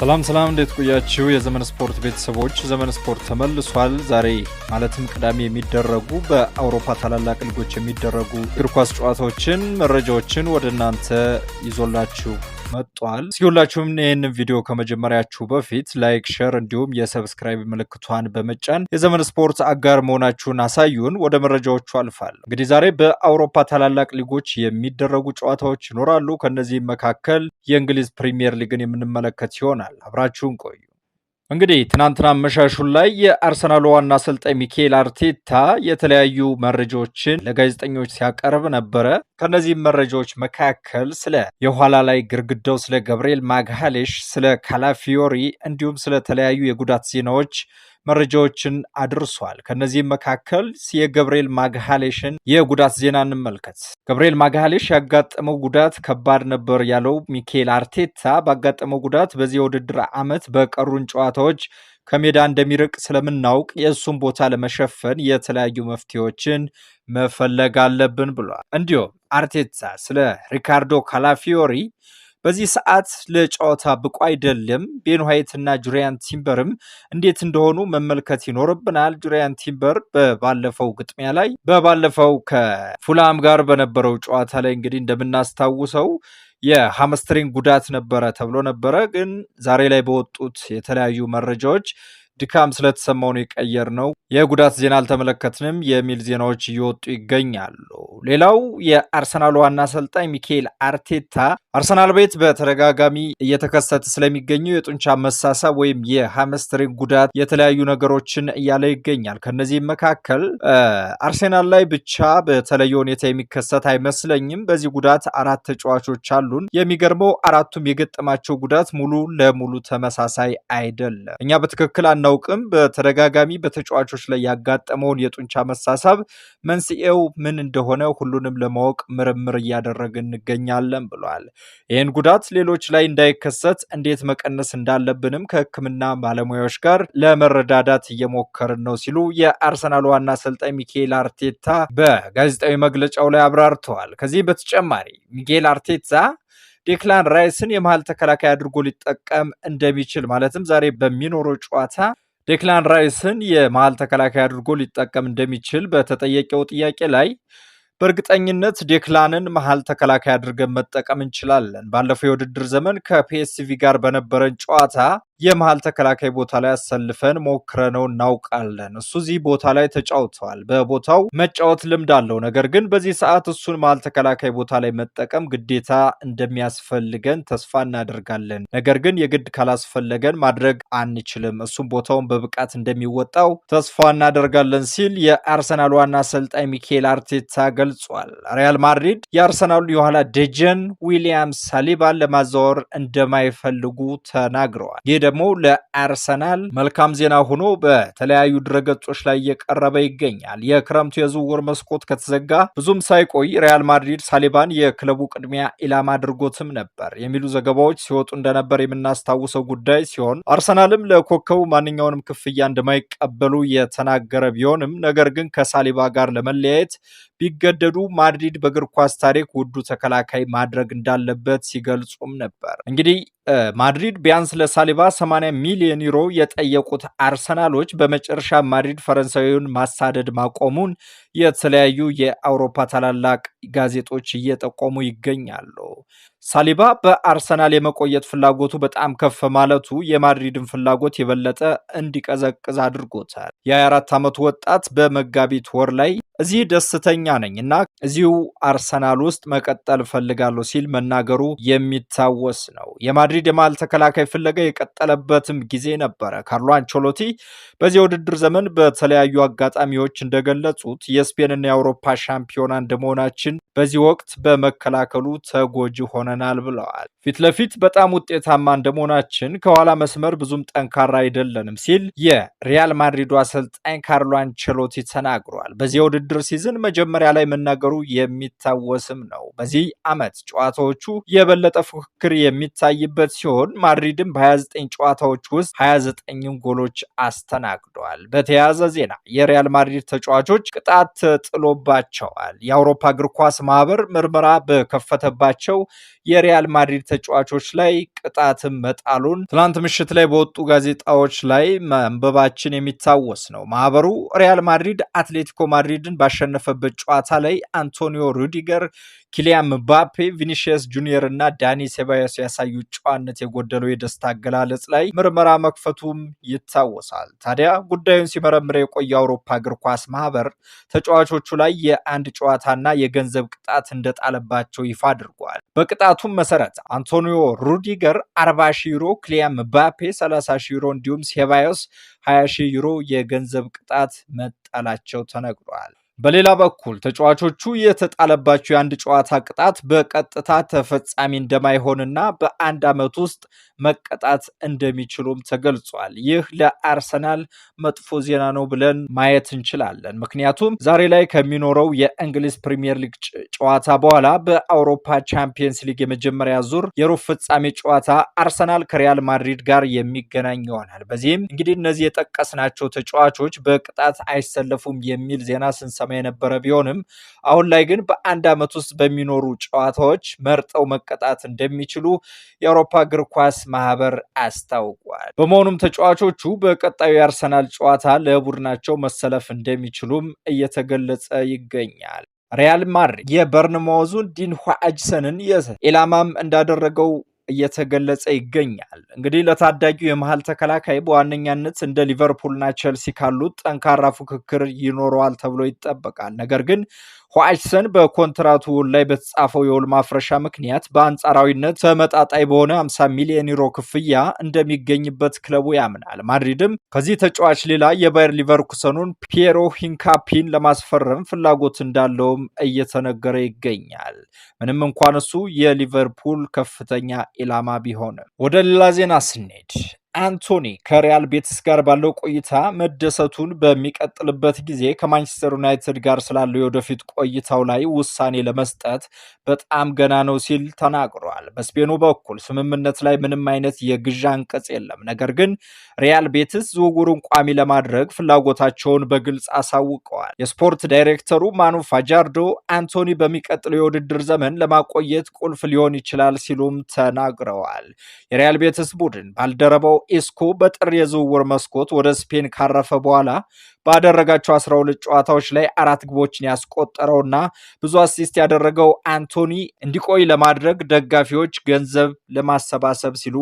ሰላም ሰላም፣ እንዴት ቆያችሁ? የዘመን ስፖርት ቤተሰቦች፣ ዘመን ስፖርት ተመልሷል። ዛሬ ማለትም ቅዳሜ የሚደረጉ በአውሮፓ ታላላቅ ሊጎች የሚደረጉ እግር ኳስ ጨዋታዎችን መረጃዎችን ወደ እናንተ ይዞላችሁ መጥቷል። እስኪ ሁላችሁም ይህንን ቪዲዮ ከመጀመሪያችሁ በፊት ላይክ፣ ሸር እንዲሁም የሰብስክራይብ ምልክቷን በመጫን የዘመን ስፖርት አጋር መሆናችሁን አሳዩን። ወደ መረጃዎቹ አልፋል። እንግዲህ ዛሬ በአውሮፓ ታላላቅ ሊጎች የሚደረጉ ጨዋታዎች ይኖራሉ። ከእነዚህም መካከል የእንግሊዝ ፕሪሚየር ሊግን የምንመለከት ይሆናል። አብራችሁን ቆዩ። እንግዲህ ትናንትና መሻሹን ላይ የአርሰናሉ ዋና አሰልጣኝ ሚኬል አርቴታ የተለያዩ መረጃዎችን ለጋዜጠኞች ሲያቀርብ ነበረ። ከነዚህ መረጃዎች መካከል ስለ የኋላ ላይ ግርግዳው ስለ ገብርኤል ማግሃሌሽ፣ ስለ ካላፊዮሪ እንዲሁም ስለተለያዩ የጉዳት ዜናዎች መረጃዎችን አድርሷል። ከነዚህም መካከል የገብርኤል ማግሃሌሽን የጉዳት ዜና እንመልከት። ገብርኤል ማግሃሌሽ ያጋጠመው ጉዳት ከባድ ነበር ያለው ሚኬል አርቴታ ባጋጠመው ጉዳት በዚህ የውድድር ዓመት በቀሩን ጨዋታዎች ከሜዳ እንደሚርቅ ስለምናውቅ የእሱን ቦታ ለመሸፈን የተለያዩ መፍትሄዎችን መፈለግ አለብን ብሏል። እንዲሁም አርቴታ ስለ ሪካርዶ ካላፊዮሪ በዚህ ሰዓት ለጨዋታ ብቁ አይደለም። ቤን ዋይትና ጁሪያን ቲምበርም እንዴት እንደሆኑ መመልከት ይኖርብናል። ጁሪያን ቲምበር በባለፈው ግጥሚያ ላይ በባለፈው ከፉላም ጋር በነበረው ጨዋታ ላይ እንግዲህ እንደምናስታውሰው የሃምስትሪንግ ጉዳት ነበረ ተብሎ ነበረ። ግን ዛሬ ላይ በወጡት የተለያዩ መረጃዎች ድካም ስለተሰማው ነው የቀየር ነው የጉዳት ዜና አልተመለከትንም የሚል ዜናዎች እየወጡ ይገኛሉ። ሌላው የአርሰናል ዋና አሰልጣኝ ሚካኤል አርቴታ አርሰናል ቤት በተደጋጋሚ እየተከሰተ ስለሚገኘው የጡንቻ መሳሳብ ወይም የሃምስትሪንግ ጉዳት የተለያዩ ነገሮችን እያለ ይገኛል። ከነዚህም መካከል አርሴናል ላይ ብቻ በተለየ ሁኔታ የሚከሰት አይመስለኝም። በዚህ ጉዳት አራት ተጫዋቾች አሉን። የሚገርመው አራቱም የገጠማቸው ጉዳት ሙሉ ለሙሉ ተመሳሳይ አይደለም። እኛ በትክክል አናውቅም። በተደጋጋሚ በተጫዋቾች ላይ ያጋጠመውን የጡንቻ መሳሳብ መንስኤው ምን እንደሆነ ሁሉንም ለማወቅ ምርምር እያደረግን እንገኛለን ብሏል። ይህን ጉዳት ሌሎች ላይ እንዳይከሰት እንዴት መቀነስ እንዳለብንም ከሕክምና ባለሙያዎች ጋር ለመረዳዳት እየሞከርን ነው ሲሉ የአርሰናል ዋና አሰልጣኝ ሚካኤል አርቴታ በጋዜጣዊ መግለጫው ላይ አብራርተዋል። ከዚህ በተጨማሪ ሚኬል አርቴታ ዴክላን ራይስን የመሀል ተከላካይ አድርጎ ሊጠቀም እንደሚችል ማለትም ዛሬ በሚኖረው ጨዋታ ዴክላን ራይስን የመሀል ተከላካይ አድርጎ ሊጠቀም እንደሚችል በተጠየቀው ጥያቄ ላይ በእርግጠኝነት ዴክላንን መሀል ተከላካይ አድርገን መጠቀም እንችላለን። ባለፈው የውድድር ዘመን ከፒኤስቪ ጋር በነበረን ጨዋታ የመሀል ተከላካይ ቦታ ላይ አሰልፈን ሞክረነው እናውቃለን። እሱ እዚህ ቦታ ላይ ተጫውተዋል። በቦታው መጫወት ልምድ አለው። ነገር ግን በዚህ ሰዓት እሱን መሀል ተከላካይ ቦታ ላይ መጠቀም ግዴታ እንደሚያስፈልገን ተስፋ እናደርጋለን። ነገር ግን የግድ ካላስፈለገን ማድረግ አንችልም። እሱም ቦታውን በብቃት እንደሚወጣው ተስፋ እናደርጋለን ሲል የአርሰናል ዋና አሰልጣኝ ሚካኤል አርቴታ ገልጿል። ሪያል ማድሪድ የአርሰናሉ የኋላ ደጀን ዊሊያም ሳሊባን ለማዛወር እንደማይፈልጉ ተናግረዋል። ደግሞ ለአርሰናል መልካም ዜና ሆኖ በተለያዩ ድረገጾች ላይ እየቀረበ ይገኛል። የክረምቱ የዝውውር መስኮት ከተዘጋ ብዙም ሳይቆይ ሪያል ማድሪድ ሳሊባን የክለቡ ቅድሚያ ኢላማ አድርጎትም ነበር የሚሉ ዘገባዎች ሲወጡ እንደነበር የምናስታውሰው ጉዳይ ሲሆን አርሰናልም ለኮከቡ ማንኛውንም ክፍያ እንደማይቀበሉ የተናገረ ቢሆንም ነገር ግን ከሳሊባ ጋር ለመለያየት ቢገደዱ ማድሪድ በእግር ኳስ ታሪክ ውዱ ተከላካይ ማድረግ እንዳለበት ሲገልጹም ነበር። እንግዲህ ማድሪድ ቢያንስ ለሳሊባ 80 ሚሊዮን ዩሮ የጠየቁት አርሰናሎች በመጨረሻ ማድሪድ ፈረንሳዊውን ማሳደድ ማቆሙን የተለያዩ የአውሮፓ ታላላቅ ጋዜጦች እየጠቆሙ ይገኛሉ። ሳሊባ በአርሰናል የመቆየት ፍላጎቱ በጣም ከፍ ማለቱ የማድሪድን ፍላጎት የበለጠ እንዲቀዘቅዝ አድርጎታል። የ24 ዓመቱ ወጣት በመጋቢት ወር ላይ እዚህ ደስተኛ ነኝ እና እዚሁ አርሰናል ውስጥ መቀጠል እፈልጋለሁ ሲል መናገሩ የሚታወስ ነው። የማድሪድ የመሃል ተከላካይ ፍለጋ የቀጠለበትም ጊዜ ነበረ። ካርሎ አንቸሎቲ በዚህ ውድድር ዘመን በተለያዩ አጋጣሚዎች እንደገለጹት የስፔንና የአውሮፓ ሻምፒዮና እንደመሆናችን በዚህ ወቅት በመከላከሉ ተጎጂ ሆነናል ብለዋል። ፊት ለፊት በጣም ውጤታማ እንደመሆናችን ከኋላ መስመር ብዙም ጠንካራ አይደለንም ሲል የሪያል ማድሪዱ አሰልጣኝ ካርሎ አንቸሎቲ ተናግሯል። በዚህ የውድድር ሲዝን መጀመሪያ ላይ መናገሩ የሚታወስም ነው። በዚህ ዓመት ጨዋታዎቹ የበለጠ ፉክክር የሚታይበት ሲሆን ማድሪድም በ29 ጨዋታዎች ውስጥ 29 ጎሎች አስተናግደዋል። በተያያዘ ዜና የሪያል ማድሪድ ተጫዋቾች ቅጣት ጥሎባቸዋል። የአውሮፓ እግር ኳስ ማህበር ምርመራ በከፈተባቸው የሪያል ማድሪድ ተጫዋቾች ላይ ቅጣትን መጣሉን ትናንት ምሽት ላይ በወጡ ጋዜጣዎች ላይ ማንበባችን የሚታወስ ነው። ማህበሩ ሪያል ማድሪድ አትሌቲኮ ማድሪድን ባሸነፈበት ጨዋታ ላይ አንቶኒዮ ሩዲገር፣ ኪሊያን ምባፔ፣ ቪኒሺየስ ጁኒየር እና ዳኒ ሴባዮስ ያሳዩት ጨዋነት የጎደለው የደስታ አገላለጽ ላይ ምርመራ መክፈቱም ይታወሳል። ታዲያ ጉዳዩን ሲመረምር የቆየ አውሮፓ እግር ኳስ ማህበር ተጫዋቾቹ ላይ የአንድ ጨዋታና የገንዘብ ቅጣት እንደጣለባቸው ይፋ አድርጓል። በቅጣቱም መሰረት አንቶኒዮ ሩዲገር 40 ሺ ዩሮ፣ ክሊያም ባፔ 30 ሺህ ዩሮ እንዲሁም ሴባዮስ 20 ዩሮ የገንዘብ ቅጣት መጣላቸው ተነግሯል። በሌላ በኩል ተጫዋቾቹ የተጣለባቸው የአንድ ጨዋታ ቅጣት በቀጥታ ተፈጻሚ እንደማይሆንና በአንድ ዓመት ውስጥ መቀጣት እንደሚችሉም ተገልጿል። ይህ ለአርሰናል መጥፎ ዜና ነው ብለን ማየት እንችላለን። ምክንያቱም ዛሬ ላይ ከሚኖረው የእንግሊዝ ፕሪምየር ሊግ ጨዋታ በኋላ በአውሮፓ ቻምፒየንስ ሊግ የመጀመሪያ ዙር የሩብ ፍጻሜ ጨዋታ አርሰናል ከሪያል ማድሪድ ጋር የሚገናኝ ይሆናል። በዚህም እንግዲህ እነዚህ የጠቀስናቸው ተጫዋቾች በቅጣት አይሰለፉም የሚል ዜና ስንሰ እየተጠቀመ የነበረ ቢሆንም አሁን ላይ ግን በአንድ ዓመት ውስጥ በሚኖሩ ጨዋታዎች መርጠው መቀጣት እንደሚችሉ የአውሮፓ እግር ኳስ ማህበር አስታውቋል። በመሆኑም ተጫዋቾቹ በቀጣዩ የአርሰናል ጨዋታ ለቡድናቸው መሰለፍ እንደሚችሉም እየተገለጸ ይገኛል። ሪያል ማድሪድ የበርንማውዙን ዲን ኋ አጅሰንን ኢላማም እንዳደረገው እየተገለጸ ይገኛል። እንግዲህ ለታዳጊው የመሀል ተከላካይ በዋነኛነት እንደ ሊቨርፑልና ቸልሲ ካሉት ጠንካራ ፉክክር ይኖረዋል ተብሎ ይጠበቃል። ነገር ግን ሆአችሰን በኮንትራቱ ላይ በተጻፈው የውል ማፍረሻ ምክንያት በአንጻራዊነት ተመጣጣይ በሆነ 50 ሚሊዮን ዩሮ ክፍያ እንደሚገኝበት ክለቡ ያምናል። ማድሪድም ከዚህ ተጫዋች ሌላ የባየር ሊቨርኩሰኑን ፒየሮ ሂንካፒን ለማስፈረም ፍላጎት እንዳለውም እየተነገረ ይገኛል። ምንም እንኳን እሱ የሊቨርፑል ከፍተኛ ኢላማ ቢሆንም። ወደ ሌላ ዜና ስንሄድ አንቶኒ ከሪያል ቤትስ ጋር ባለው ቆይታ መደሰቱን በሚቀጥልበት ጊዜ ከማንቸስተር ዩናይትድ ጋር ስላለው የወደፊት ቆይታው ላይ ውሳኔ ለመስጠት በጣም ገና ነው ሲል ተናግሯል። በስፔኑ በኩል ስምምነት ላይ ምንም አይነት የግዢ አንቀጽ የለም። ነገር ግን ሪያል ቤትስ ዝውውሩን ቋሚ ለማድረግ ፍላጎታቸውን በግልጽ አሳውቀዋል። የስፖርት ዳይሬክተሩ ማኑ ፋጃርዶ አንቶኒ በሚቀጥለው የውድድር ዘመን ለማቆየት ቁልፍ ሊሆን ይችላል ሲሉም ተናግረዋል። የሪያል ቤትስ ቡድን ባልደረባው ኢስኮ በጥር የዝውውር መስኮት ወደ ስፔን ካረፈ በኋላ ባደረጋቸው 12 ጨዋታዎች ላይ አራት ግቦችን ያስቆጠረውና ብዙ አሲስት ያደረገው አንቶኒ እንዲቆይ ለማድረግ ደጋፊዎች ገንዘብ ለማሰባሰብ ሲሉ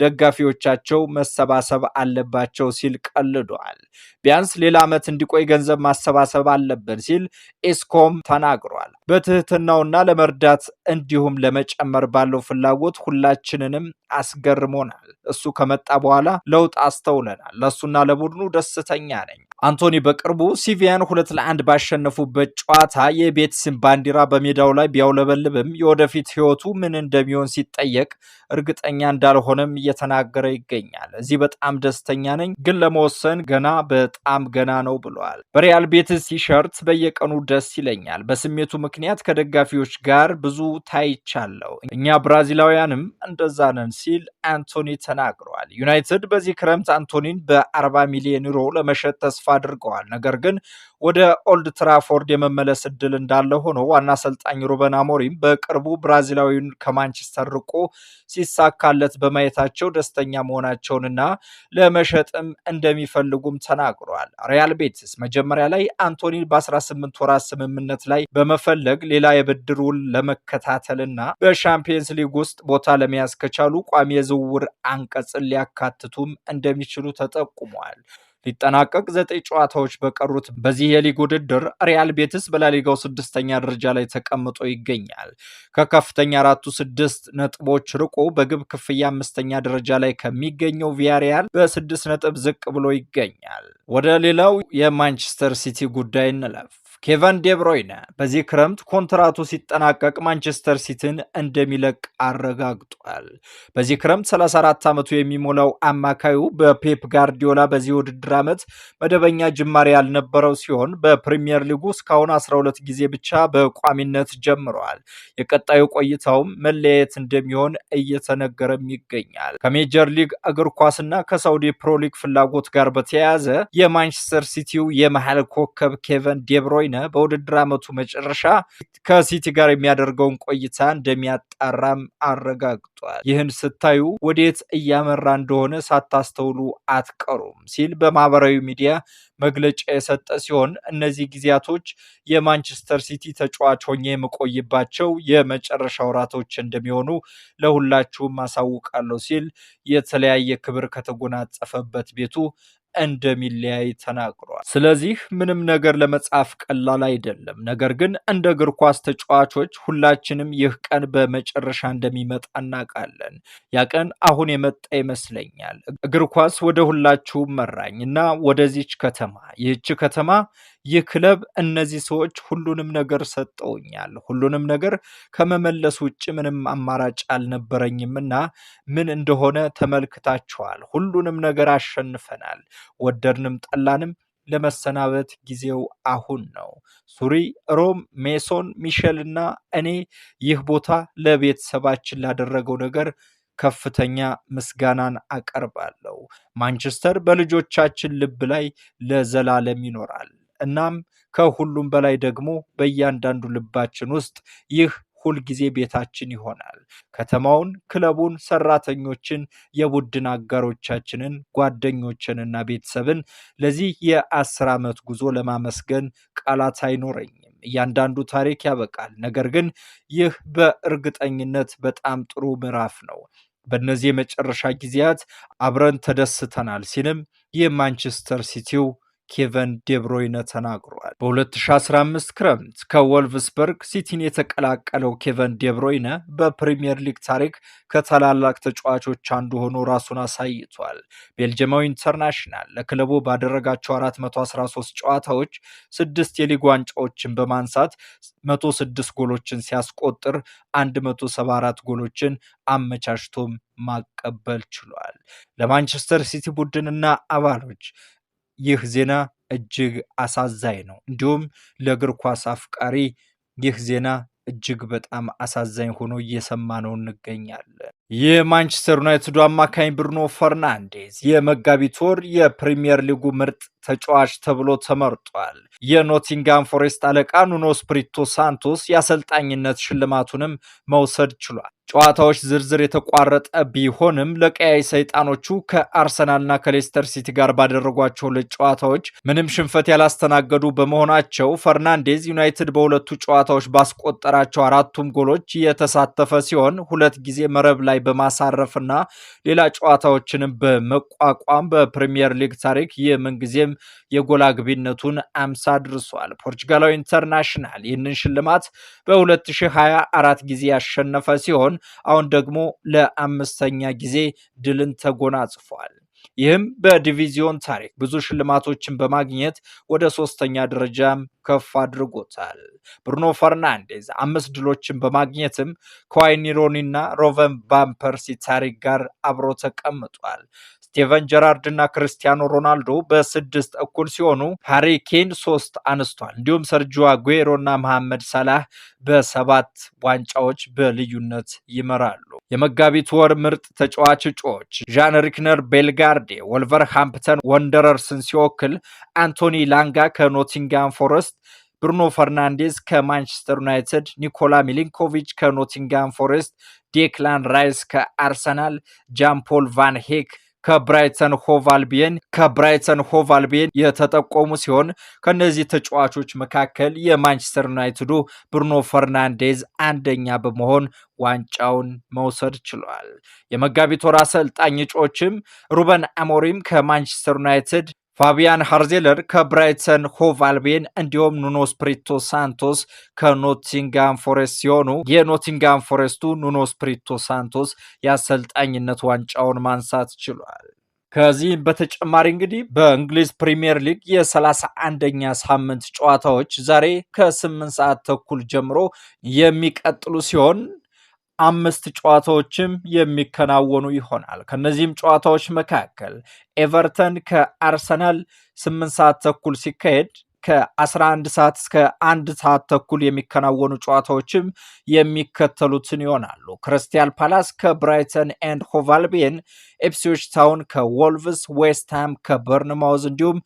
ደጋፊዎቻቸው መሰባሰብ አለባቸው ሲል ቀልዷል። ቢያንስ ሌላ ዓመት እንዲቆይ ገንዘብ ማሰባሰብ አለብን ሲል ኤስኮም ተናግሯል። በትህትናውና ለመርዳት እንዲሁም ለመጨመር ባለው ፍላጎት ሁላችንንም አስገርሞናል። እሱ ከመጣ በኋላ ለውጥ አስተውለናል። ለእሱና ለቡድኑ ደስተኛ ነኝ። አንቶኒ በቅርቡ ሲቪያን ሁለት ለአንድ ባሸነፉበት ጨዋታ የቤትስን ባንዲራ በሜዳው ላይ ቢያውለበልብም የወደፊት ሕይወቱ ምን እንደሚሆን ሲጠየቅ እርግጠኛ እንዳልሆነም እየተናገረ ይገኛል። እዚህ በጣም ደስተኛ ነኝ፣ ግን ለመወሰን ገና በጣም ገና ነው ብለዋል። በሪያል ቤትስ ቲሸርት በየቀኑ ደስ ይለኛል። በስሜቱ ምክንያት ከደጋፊዎች ጋር ብዙ ታይቻለሁ። እኛ ብራዚላውያንም እንደዛ ነን ሲል አንቶኒ ተናግረዋል። ዩናይትድ በዚህ ክረምት አንቶኒን በ40 ሚሊዮን ዩሮ ለመሸጥ ተስፋ አድርገዋል። ነገር ግን ወደ ኦልድ ትራፎርድ የመመለስ እድል እንዳለ ሆኖ ዋና አሰልጣኝ ሩበን አሞሪም በቅርቡ ብራዚላዊውን ከማንቸስተር ርቆ ሲሳካለት በማየታቸው ደስተኛ መሆናቸውንና ለመሸጥም እንደሚፈልጉም ተናግሯል። ሪያል ቤቲስ መጀመሪያ ላይ አንቶኒን በ18 ወራት ስምምነት ላይ በመፈለግ ሌላ የብድር ውል ለመከታተልና በሻምፒየንስ ሊግ ውስጥ ቦታ ለመያዝ ከቻሉ ቋሚ የዝውውር አንቀጽን ሊያካትቱም እንደሚችሉ ተጠቁሟል። ሊጠናቀቅ ዘጠኝ ጨዋታዎች በቀሩት በዚህ የሊግ ውድድር ሪያል ቤትስ በላሊጋው ስድስተኛ ደረጃ ላይ ተቀምጦ ይገኛል። ከከፍተኛ አራቱ ስድስት ነጥቦች ርቆ በግብ ክፍያ አምስተኛ ደረጃ ላይ ከሚገኘው ቪያሪያል በስድስት ነጥብ ዝቅ ብሎ ይገኛል። ወደ ሌላው የማንቸስተር ሲቲ ጉዳይ እንለፍ። ኬቨን ዴብሮይነ በዚህ ክረምት ኮንትራቱ ሲጠናቀቅ ማንቸስተር ሲቲን እንደሚለቅ አረጋግጧል። በዚህ ክረምት 34 ዓመቱ የሚሞላው አማካዩ በፔፕ ጋርዲዮላ በዚህ ውድድር ዓመት መደበኛ ጅማሬ ያልነበረው ሲሆን በፕሪምየር ሊጉ እስካሁን 12 ጊዜ ብቻ በቋሚነት ጀምረዋል። የቀጣዩ ቆይታውም መለያየት እንደሚሆን እየተነገረም ይገኛል። ከሜጀር ሊግ እግር ኳስና ከሳውዲ ፕሮሊግ ፍላጎት ጋር በተያያዘ የማንቸስተር ሲቲው የመሃል ኮከብ ኬቨን ዴብሮይነ ወይነ በውድድር ዓመቱ መጨረሻ ከሲቲ ጋር የሚያደርገውን ቆይታ እንደሚያጣራም አረጋግጧል። ይህን ስታዩ ወዴት እያመራ እንደሆነ ሳታስተውሉ አትቀሩም ሲል በማህበራዊ ሚዲያ መግለጫ የሰጠ ሲሆን እነዚህ ጊዜያቶች የማንቸስተር ሲቲ ተጫዋች ሆኜ የምቆይባቸው የመጨረሻ ወራቶች እንደሚሆኑ ለሁላችሁም አሳውቃለሁ ሲል የተለያየ ክብር ከተጎናጸፈበት ቤቱ እንደሚለያይ ተናግሯል። ስለዚህ ምንም ነገር ለመጻፍ ቀላል አይደለም። ነገር ግን እንደ እግር ኳስ ተጫዋቾች ሁላችንም ይህ ቀን በመጨረሻ እንደሚመጣ እናውቃለን። ያ ቀን አሁን የመጣ ይመስለኛል። እግር ኳስ ወደ ሁላችሁም መራኝ እና ወደዚች ከተማ ይህች ከተማ ይህ ክለብ እነዚህ ሰዎች ሁሉንም ነገር ሰጠውኛል። ሁሉንም ነገር ከመመለስ ውጭ ምንም አማራጭ አልነበረኝም እና ምን እንደሆነ ተመልክታችኋል። ሁሉንም ነገር አሸንፈናል። ወደድንም ጠላንም ለመሰናበት ጊዜው አሁን ነው። ሱሪ፣ ሮም፣ ሜሶን፣ ሚሸል እና እኔ ይህ ቦታ ለቤተሰባችን ላደረገው ነገር ከፍተኛ ምስጋናን አቀርባለሁ። ማንቸስተር በልጆቻችን ልብ ላይ ለዘላለም ይኖራል። እናም ከሁሉም በላይ ደግሞ በእያንዳንዱ ልባችን ውስጥ ይህ ሁልጊዜ ቤታችን ይሆናል። ከተማውን፣ ክለቡን፣ ሰራተኞችን፣ የቡድን አጋሮቻችንን፣ ጓደኞችንና ቤተሰብን ለዚህ የአስር ዓመት ጉዞ ለማመስገን ቃላት አይኖረኝም። እያንዳንዱ ታሪክ ያበቃል። ነገር ግን ይህ በእርግጠኝነት በጣም ጥሩ ምዕራፍ ነው። በእነዚህ የመጨረሻ ጊዜያት አብረን ተደስተናል ሲልም የማንቸስተር ሲቲው ኬቨን ዴብሮይነ ተናግሯል። በ2015 ክረምት ከወልቭስበርግ ሲቲን የተቀላቀለው ኬቨን ዴብሮይነ በፕሪምየር ሊግ ታሪክ ከታላላቅ ተጫዋቾች አንዱ ሆኖ ራሱን አሳይቷል። ቤልጅማዊ ኢንተርናሽናል ለክለቡ ባደረጋቸው 413 ጨዋታዎች ስድስት የሊግ ዋንጫዎችን በማንሳት 106 ጎሎችን ሲያስቆጥር 174 ጎሎችን አመቻችቶም ማቀበል ችሏል። ለማንቸስተር ሲቲ ቡድንና አባሎች ይህ ዜና እጅግ አሳዛኝ ነው። እንዲሁም ለእግር ኳስ አፍቃሪ ይህ ዜና እጅግ በጣም አሳዛኝ ሆኖ እየሰማ ነው እንገኛለን። የማንቸስተር ዩናይትዱ አማካኝ ብሩኖ ፈርናንዴዝ የመጋቢት ወር የፕሪሚየር ሊጉ ምርጥ ተጫዋች ተብሎ ተመርጧል። የኖቲንጋም ፎሬስት አለቃ ኑኖ ስፕሪቶ ሳንቶስ የአሰልጣኝነት ሽልማቱንም መውሰድ ችሏል። ጨዋታዎች ዝርዝር የተቋረጠ ቢሆንም ለቀያይ ሰይጣኖቹ ከአርሰናልና ከሌስተር ሲቲ ጋር ባደረጓቸው ሁለት ጨዋታዎች ምንም ሽንፈት ያላስተናገዱ በመሆናቸው ፈርናንዴዝ ዩናይትድ በሁለቱ ጨዋታዎች ባስቆጠራቸው አራቱም ጎሎች የተሳተፈ ሲሆን ሁለት ጊዜ መረብ ላይ በማሳረፍና ሌላ ጨዋታዎችንም በመቋቋም በፕሪሚየር ሊግ ታሪክ የምንጊዜም በመሆንም የጎል አግቢነቱን አምሳ ድርሷል። ፖርቹጋላዊ ኢንተርናሽናል ይህንን ሽልማት በ2024 ጊዜ ያሸነፈ ሲሆን አሁን ደግሞ ለአምስተኛ ጊዜ ድልን ተጎናጽፏል። ይህም በዲቪዚዮን ታሪክ ብዙ ሽልማቶችን በማግኘት ወደ ሶስተኛ ደረጃም ከፍ አድርጎታል። ብሩኖ ፈርናንዴዝ አምስት ድሎችን በማግኘትም ከዋይኒሮኒና ሮቨን ቫን ፐርሲ ታሪክ ጋር አብሮ ተቀምጧል። ስቴቨን ጀራርድ እና ክርስቲያኖ ሮናልዶ በስድስት እኩል ሲሆኑ ሃሪ ኬን ሶስት አንስቷል። እንዲሁም ሰርጂ አጉዌሮ እና መሐመድ ሰላህ በሰባት ዋንጫዎች በልዩነት ይመራሉ። የመጋቢት ወር ምርጥ ተጫዋች እጩዎች ዣን ሪክነር ቤልጋርዴ ወልቨርሃምፕተን ወንደረርስን ሲወክል፣ አንቶኒ ላንጋ ከኖቲንጋም ፎረስት ብሩኖ ፈርናንዴዝ ከማንቸስተር ዩናይትድ፣ ኒኮላ ሚሊንኮቪች ከኖቲንጋም ፎሬስት፣ ዴክላን ራይስ ከአርሰናል፣ ጃን ፖል ቫን ሄክ ከብራይተን ሆቭ አልቢየን ከብራይተን ሆቭ አልቢየን የተጠቆሙ ሲሆን ከነዚህ ተጫዋቾች መካከል የማንቸስተር ዩናይትዱ ብሩኖ ፈርናንዴዝ አንደኛ በመሆን ዋንጫውን መውሰድ ችሏል። የመጋቢት ወር አሰልጣኝ እጩዎችም ሩበን አሞሪም ከማንቸስተር ዩናይትድ ፋቢያን ሃርዜለር ከብራይተን ሆቭ አልቤን እንዲሁም ኑኖ ስፕሪቶ ሳንቶስ ከኖቲንጋም ፎሬስት ሲሆኑ የኖቲንጋም ፎሬስቱ ኑኖ ስፕሪቶ ሳንቶስ የአሰልጣኝነት ዋንጫውን ማንሳት ችሏል። ከዚህም በተጨማሪ እንግዲህ በእንግሊዝ ፕሪምየር ሊግ የሰላሳ አንደኛ ሳምንት ጨዋታዎች ዛሬ ከስምንት ሰዓት ተኩል ጀምሮ የሚቀጥሉ ሲሆን አምስት ጨዋታዎችም የሚከናወኑ ይሆናል። ከነዚህም ጨዋታዎች መካከል ኤቨርተን ከአርሰናል ስምንት ሰዓት ተኩል ሲካሄድ ከ11 ሰዓት እስከ አንድ ሰዓት ተኩል የሚከናወኑ ጨዋታዎችም የሚከተሉትን ይሆናሉ። ክሪስታል ፓላስ ከብራይተን ኤንድ ሆቫልቤን፣ ኤፕሲዎች ታውን ከወልቭስ፣ ዌስትሃም ከበርንማውዝ እንዲሁም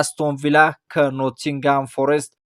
አስቶን ቪላ ከኖቲንጋም ፎሬስት